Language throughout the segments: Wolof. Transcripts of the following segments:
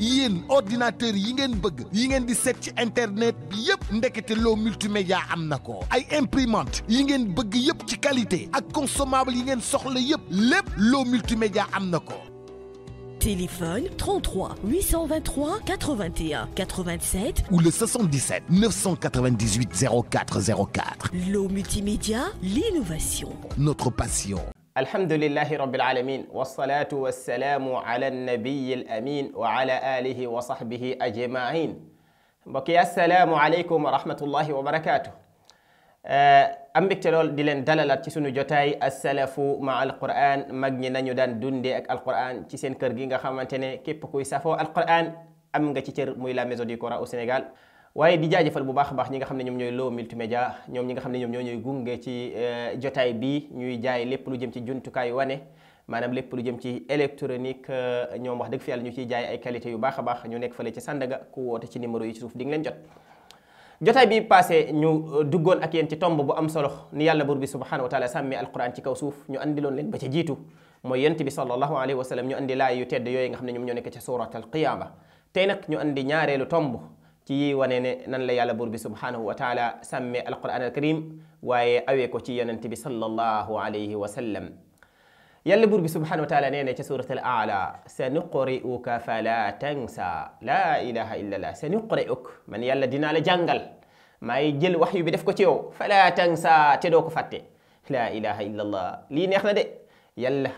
yéen ordinateur yi ngeen bëgg yi ngeen di un internet bi yépp ndekete loo multimédia am na ko ay imprimante yi ngeen bëgg yépp ci qualité ak consommable yi ngeen soxla yépp lépp loo multimédia am na téléphone 33 823 81 87 ou le 77 998 0404. 04. L'eau multimédia, l'innovation. Notre passion. الحمد لله رب العالمين والصلاة والسلام على النبي الأمين وعلى آله وصحبه أجمعين بقي السلام عليكم ورحمة الله وبركاته آه، أم بكتلول دلن دلالة تسونو جوتاي السلف مع القرآن مجن نانيو دون دي القرآن تسين كرغينغ خامنتيني كيبكو يسافو القرآن أم غتيتر ميلا ميزو كورا أو سنغال waaye di jaajëfal bu baax a baax ñi nga xam ne ñoom ñooy Lo multimédia ñoom ñi nga xam ne ñoom gunge ci eh, jotaay bi ñuy jaay lépp lu jëm ci jumtukaay wane maanaam lépp lu jëm ci électronique eh, ñoom wax dëgg fi yàlla ñu ciy jaay ay qualité yu baax a baax ñu nekk fële ci Sandaga ku woote ci numéro yi ci suuf di leen jot jotaay bi passé ñu eh, duggoon ak yéen ci tomb bu am solo ni yàlla buur bi subhanahu wa taala sàmmee alquran ci kaw suuf ñu andiloon leen ba ca jiitu mooy yent bi sallallahu alayhi wa ñu andi laay yu tedd yooyu nga xam ne ñoom ñoo nekk ca surat al qiyama tey nag ñu andi ñaareelu tomb ci wane ne nan la yàlla buur bi subhanahu wa taala sàmmee alquran al karim waaye awee ko ci yonent bi sallallahu alayhi wa sallam yàlla buur bi subhanahu wa taala nee na ca surat al aala sa nuqri'uka fala tansa la ilaha illa allah sa nuqri'uk man yàlla dinaa la jàngal maay jël waxyu bi def ko ci yow fala tansa te doo ko fàtte la ilaha illa allah lii neex na de yàlla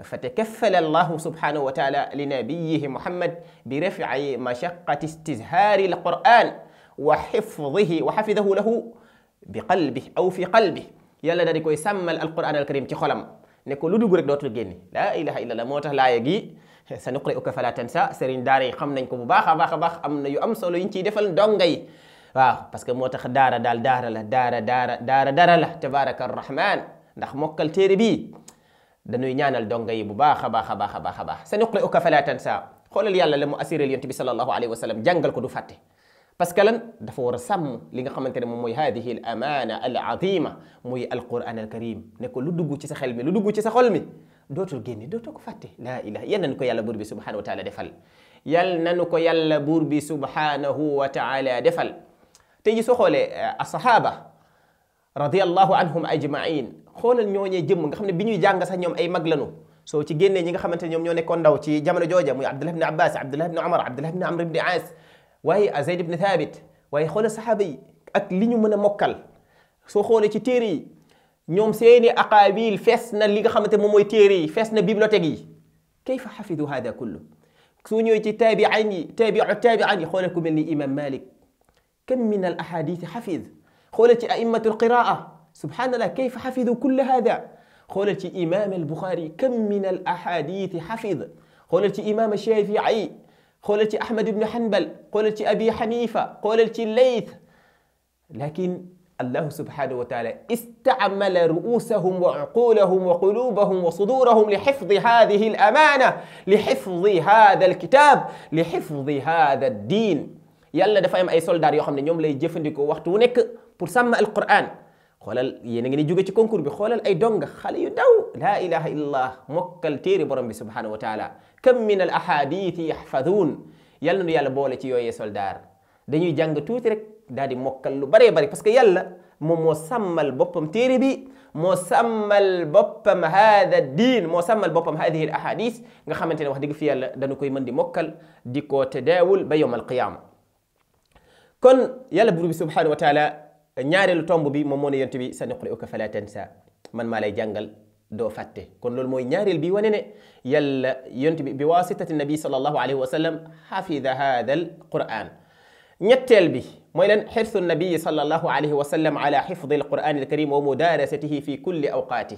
فتكفل الله سبحانه وتعالى لنبيه محمد برفع مشقة استزهار القرآن وحفظه وحفظه له بقلبه أو في قلبه يلا دا ديكوي القرآن الكريم تخلم خولم نيكو رك دوتل لا إله إلا الله موتاخ لا يجي سنقرئك فلا تنسى سرين داري خمنا نكو بو باخا باخا باخ امنا يو ام سولو ينتي ديفال دونغاي waaw parce que moo tax daara daal daara la daara daara daara dara la tabaraka arrahman ndax mokkal téere bii dañuy ñaanal donga yi bu baax a baax a baax a baax a baax sanuqri'uka fala tansa xoolal yàlla la mu assuré yonent bi sallallahu alayhi wa sallam jàngal ko du fàtte parce que lan dafa war a sàmm li nga xamante ne moom mooy hadihi al amana al azima muy alquran al karim ne ko lu dugg ci sa xel mi lu dugg ci sa xol mi dootul génne dootoo fàtte laa ilaha yal ko yàlla buur bi subhanahu wa taala defal yal nanu ko yàlla buur bi subhanahu wa taala defal tey ji soo xoolee asahaba anhum ajmain xoolal ñooñee jëm nga xamne biñuy jàng sax ñom ay mag lañu so ci génné ñi nga xamante ñom ñoo nekkon ndaw ci jamono jojja muy abdullah ibn abbas abdullah ibn umar abdullah ibn amr ibn as way azayd ibn thabit way xol sahabi ak liñu mëna mokal so xolé ci téré yi ñoom seeni aqabil fesna li nga xamante moom moy téré yi fees bibliothèque yi kayfa hafidhu hadha kullu su ñoy ci taabiin yi taabiu taabiin yi xoolal ku mel imam malik kam min al ahadith xafid xoolal ci aimmatu al سبحان الله كيف حفظوا كل هذا خولتي إمام البخاري كم من الأحاديث حفظ خولتي إمام الشافعي خولتي أحمد بن حنبل خولتي أبي حنيفة خولتي الليث لكن الله سبحانه وتعالى استعمل رؤوسهم وعقولهم وقلوبهم وصدورهم لحفظ هذه الأمانة لحفظ هذا الكتاب لحفظ هذا الدين يلا دفعهم أي soldat يوم xam ne ñoom وقت ونك waxtu xoolal yéen a ngi ni jóge ci concours bi xoolal ay donga xale yu ndaw laa ilaha illallah mokkal téere borom bi subhanahu wa taala kam min al ahadithi yaxfaduun yal na nu yàlla boole ci yooyee soldaar dañuy jàng tuuti rek daal di mokkal lu baree bari parce que yàlla moom moo sàmmal boppam téere bi moo sàmmal boppam haada diin moo sàmmal boppam haadihi al ahadith nga xamante ne wax dëgg fi yàlla dañu koy mën di mokkal di ko tadaawul ba yowm al qiyaama kon yàlla buur bi subhanahu wa taala ñaareelu tombe bi moom moo ne yonent bi sanuqri'uka fala tansa man ma lay jàngal do fàtte kon loolu moy ñaareel bi wonene yàlla yonent bi bi waasitati nabi sallallahu alayhi wa sallam xafida hada alquran ñettel bi moy len hirsu nabi sallallahu alayhi wa sallam ala hifz alquran alkarim wa mudarasatihi fi kulli awqati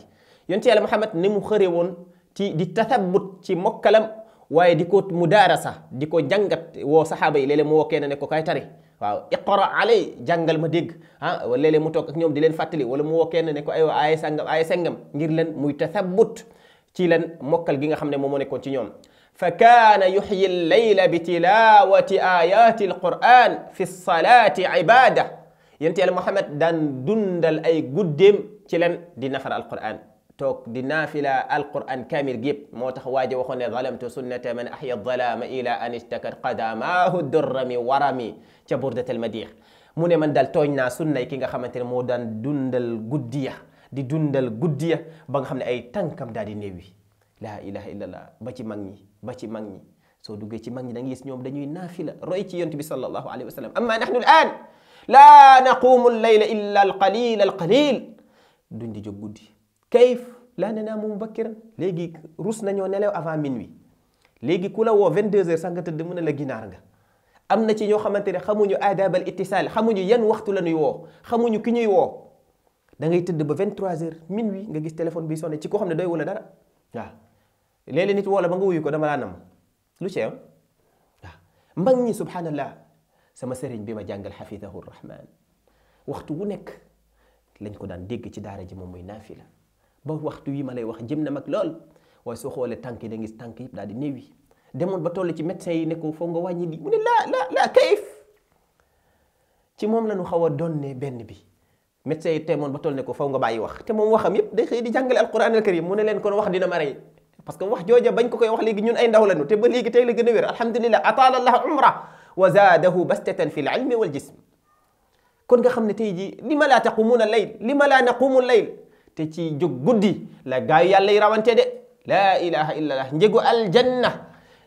yonent yàlla Muhammad ni mu xëre won ci di tathabut ci mokalam waye diko mudarasa diko jàngat wo sahaba yi lele mo wokene ne ko kay tari waaw iqra alay jàngal ma deg ha wala le mu tok ak ñom di len fatali wala mu woké ne ko ay ay sàngam ay sàngam ngir len muy tathabbut ci len mokal gi nga xamne mo mo nekkon ci ñom fa kana yuhyi al llayla bi tilawati ayati al-quran fi salaati ibada yent yàlla Muhammad dan dundal ay guddem ci len di nafar al-quran toog di naafila alquran kamil gépp moo tax waaje waxoon ne zalamtu sunnata man ahya zalama ila an ishtakat qadamaahu durrami warami ca burdatal madix mu ne man daal tooñ naa sunnay ki nga xamante ne moo daan dundal guddiya di dundal guddiya ba nga xam ne ay tànkam daal di néewi laa ilaha illallah ba ci mag ñi ba ci mag ñi soo duggee ci mag ñi da gis ñoom dañuy naafila roy ci yonent bi sallallahu alayhi wa sallam amma nahnu al an la naqumu al layla illa al di jóg guddi كيف لا ننام مبكرا لغي روسنا نيو نيلو افان مينوي لغي كولا و 22 سانغ تد مون لا غينار غا امنا تي ньо خامتيني خامو آداب الاتصال خامو يان وقت لا نيو و خامو كي ني دا غاي تد ب 23 مينوي غا غيس تليفون بي سوني تي كو خامني دوي ولا دارا وا ليلي نيت ولا باغا ويو كو داما لا نام لو سيو مباغ ني سبحان الله سما سيرين بما جانغال حفيظه الرحمن وقت ونك لنكو دان ديغ تي دارا جي موم نافله ba waxtu wii ma lay wax jëm na mag lool waaye soo xoolee tànk yi da ngis tànk yëpp daal di néew yi demoon ba toll ci médecin yi ne ko nga wàññi lii mu ne laa laa ci moom la nu xaw a ne benn bi médecin yi teemoon ba toll ne ko foog nga bàyyi wax te moom waxam yëpp day xëy di jàngale alquran al karim mu ne leen kon wax dina ma rey parce que wax jooja bañ ko koy wax léegi ñun ay ndaw lañu te ba léegi tey la gën a wér alhamdulilah ataala allah umra wa zaadahu bastatan fi l ilmi wal jism kon nga xam ne tey jii li ma laa taqumuuna layl li ma laa naqumu layl te ci jóg guddi la gaayu yàlla yi rawante de laa ilaha illallah njëgu aljanna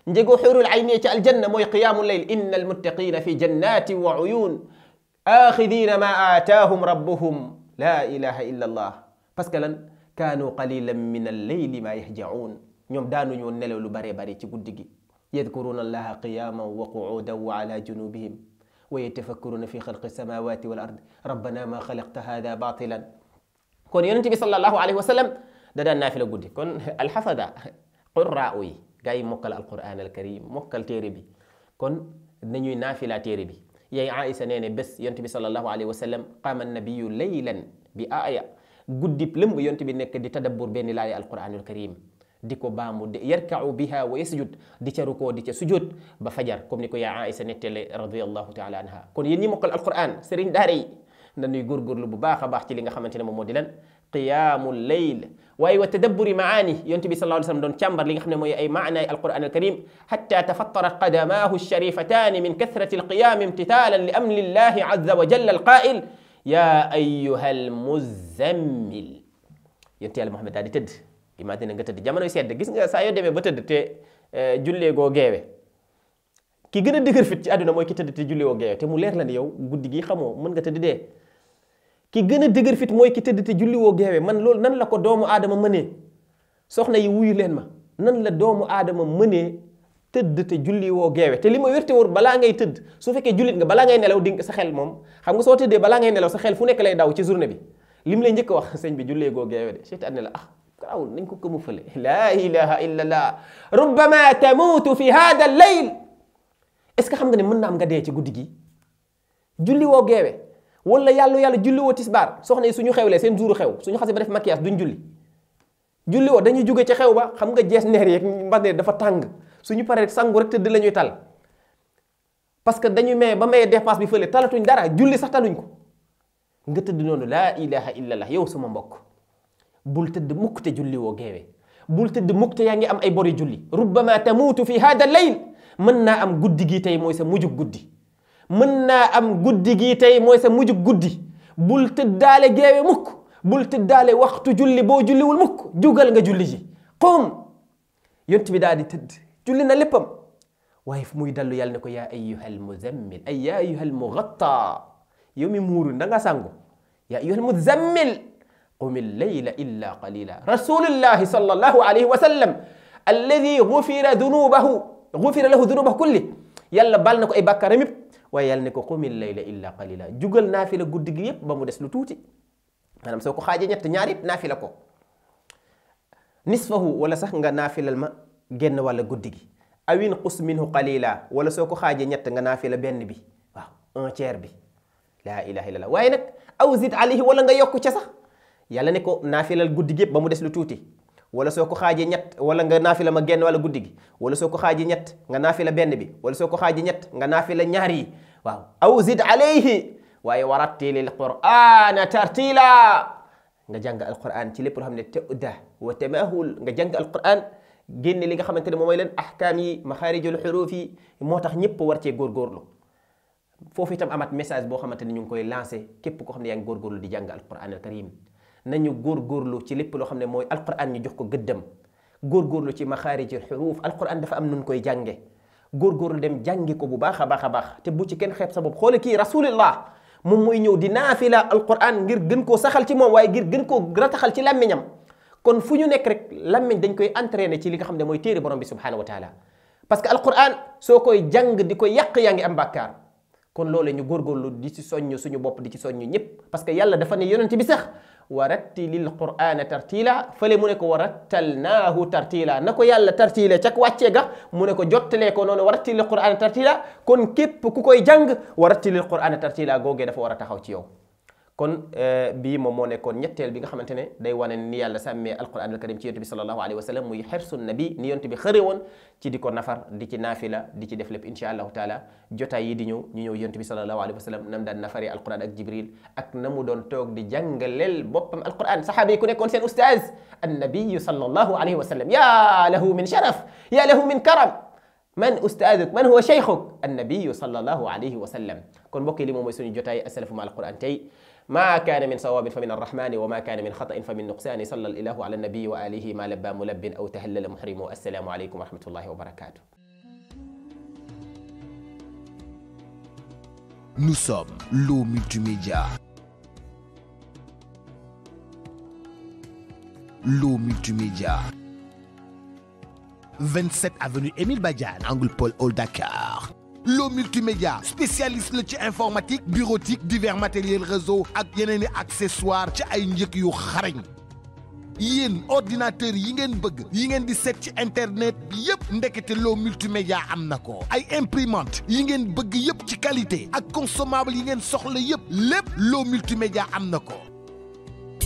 njëgu xurul ayni ci aljanna mooy qiyaamu leyl inna almuttaqina fi jannati wa uyun axidina ma aataahum rabbuhum laa ilaha illallah parce que lan kaanu qalilan min alleyli ma yahjaun ñoom daanuñu nelaw lu bare bare ci guddi gi yadkuruna allaha qiyaman wa quudan wa ala junubihim ويتفكرون في خلق السماوات والأرض ربنا ما خلقت هذا باطلا كون يونتي صلى الله عليه وسلم دا نافله غودي كون الحفظه قراءوي جاي مكل القران الكريم مكل تيربي كون نانيو نافله تيربي يا عائشه نيني بس يونتي صلى الله عليه وسلم قام النبي ليلا بايا غودي لم يونتي بي نيك دي تدبر بين لاي القران الكريم ديكو بامو دي يركع بها ويسجد دي تي دي تي سجود كوم نيكو يا عائشه نتي رضي الله تعالى عنها كون يني مكل القران سيرين داري نانيو غور غور لو باخا باخ تي ليغا خامتيني مومو دي لان قيام الليل واي وتدبر معاني يونتبي صلى الله عليه وسلم دون تشامبر ليغا خامتيني موي اي معنى القران الكريم حتى تفطرت قدماه الشريفتان من كثره القيام امتثالا لامر الله عز وجل القائل يا ايها المزمل يونتي ال محمد دادي تد ما دينا غا تد جامانو سيد غيس غا سايو ديمي با تد تي آه، جولي غو غيوي كي غنا ديغر فيت سي ادونا موي كي تد تي جولي غو غيوي تي مو لير لا ني يو غودي غي خامو مون غا تد دي ki gëna dëgër fit moy ki tëdd te julli wo gëwé man lool nan la ko doomu adama mëne soxna yi wuyu leen ma nan la doomu adama mëne tëdd te julli wo gëwé te li wérte wor bala ngay tëdd su féké jullit nga bala ngay nelaw di sa xel mom xam nga so tëddee bala ngay nelaw sa xel fu nekk lay daw ci journée bi lim lay ñëk wax sëñ bi julle go gëwé de seetaan ne la ah كراو نينكو ko këmu fële laa ilaha illa allah rubbama tamuutu fi hada al layl est ce que xam nga ne mën na am wala yàlla yàlla julli wo tisbar soxna suñu xewle sen juuru xew suñu xasse ba def maquillage duñ julli julli wo dañu jóge ci xew ba xam nga jess neer yek mbas dafa tàng suñu paré sangu rek te la ñuy tal parce que dañu may ba may dépasse bi feulé talatuñ dara julli sax taluñ ko nga tëdd noonu la ilaha illallah yow sama mbokk bul tëdd mukk te julli wo geewee bul tëdd mukk te yaangi am ay bori julli rubbama tamutu fi hada layl mën naa am guddigi tay moy sa mujjug guddigi منا أم جودي جيتي موسى موج جودي بولت الدالة جاي مك بولت الدالة وقت جولي بو جولي والمك جوجل نجا جولي جي قوم ينتبه دادي تد جولي نلبم وايف مو يدلو يالنكو يا أيها المزمل أي أيها المغطى يومي مورو نغا سانجو يا أيها المزمل قم الليل إلا قليلا رسول الله صلى الله عليه وسلم الذي غفر ذنوبه غفر له ذنوبه كله يلا بالنا اي بكر waaye yàlla ne ko qumil layla illa qalila jugal naafila guddi gi yépp ba mu des lu tuuti maanaam soo ko xaajee ñett ñaar yëpp naafila ko nisfahu wala sax nga naafilal ma génn wàlla guddi gi awin qus minhu qalila wala soo ko xaajee ñett nga naafila benn bi waaw un tiers bi laa ilaha illallah waaye nag aw zid alayhi wala nga yokku ca sax yàlla ne ko naafilal guddi gi yëpp ba mu des lu tuuti wala soo ko xaajee ñett wala nga naafila ma genn wala guddi gi wala soo ko xaajee ñett nga naafila benn bi wala soo ko xaajee ñett nga naafila ñaar yi waaw aw zid alayhi waaye warattilil qur'ana tartila nga jàng alquran ci lépp loo xam ne teuda wa nga jàng alquran génne li nga xamante ne moom mooy leen ahkaam yi maxaarijul xuruuf yi moo tax ñëpp war cee góorgóorlu foofu itam amat message boo xamante ne ñu ngi koy lancé képp ko xam ne yaa ngi góorgóorlu di jàng alquran al karim nañu góorgóorlu ci lépp loo xam ne mooy alquran ñu jox ko gëddam góorgóorlu ci maxaariji xuruuf alquran dafa am nun koy jànge góorgóorlu dem jàngi ko bu baax a baax a baax te bu ci kenn xeeb sa bopp xoole kii rasulillah moom mooy ñëw di naafila alquran ngir gën koo saxal ci moom waaye ngir gën koo rataxal ci làmmiñam kon fu ñu nekk rek làmmiñ dañ koy entraîné ci li nga xam ne mooy téere borom bi subhanahu wa taala koy jàng di ko yàq yaa ngi am bàkkaar kon loolee ñu góorgóorlu di ci soññ suñu bopp di ci soññ ñëpp parce que yàlla dafa ne yonent bi sax ورتل القران ترتيلا فلي مونيكو ورتلناه ترتيلا نكو يالا ترتيلا تاك واتيغا مونيكو جوتلي كو نون ورتل القران ترتيلا كون كيب كوكاي جانغ ورتل القران ترتيلا غوغي دا فورا تاخاو تي يو kon bi mom mo nekkon ñettel bi nga xamantene day wone ni yàlla sàmmee alquran alkarim ci yonte bi sallallahu alayhi wa sallam muy xersun nabi ni yonte bi xëre won ci diko nafar di ci nafila di ci def lépp inshallah taala jotay yi di ñëw ñu ñëw yonte bi sallallahu alayhi wa sallam nam daan nafari alquran ak jibril ak namu don tok di jangalel bopam alquran sahabi yi ku nekkoon seen ustaaz annabiyu sallallahu alayhi wa sallam yaa lahu min sharaf ya lahu min karam من استاذك من هو شيخك النبي صلى الله عليه وسلم كون بوكي لي li سوني جوتاي suñu jotaay القران تي ما كان من صواب فمن الرحمن وما كان من خطأ فمن نقصان صلى الإله على النبي وآله ما لبى ملب أو تهلل محرم السلام عليكم ورحمة الله وبركاته Nous sommes l'eau multimédia. L'eau multimédia. 27 avenue Émile Badian, Angle Paul Old Dakar. loo multimédia spécialiste la ci informatique bureautique divers matériel réseau ak yeneen i accessoire ci ay njëkk yu xarañ yéen ordinateur yi ngeen bëgg yi ngeen di set ci internet bi yëpp ndekete loo multimédia am na ko ay imprimante yi ngeen bëgg yëpp ci qualité ak consommable yi ngeen soxla yëpp lépp loo multimédia am na ko